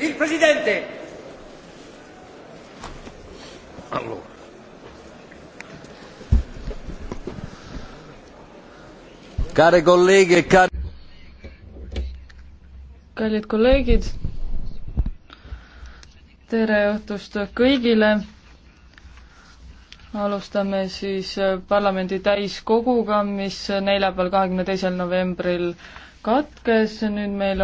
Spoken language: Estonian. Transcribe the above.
Il Presidente. Allora. Care colleghe e cari... kallid kolleegid, tere õhtust kõigile. alustame siis äh, parlamendi täiskoguga, mis neljapäeval, kahekümne teisel novembril katkes, nüüd meil on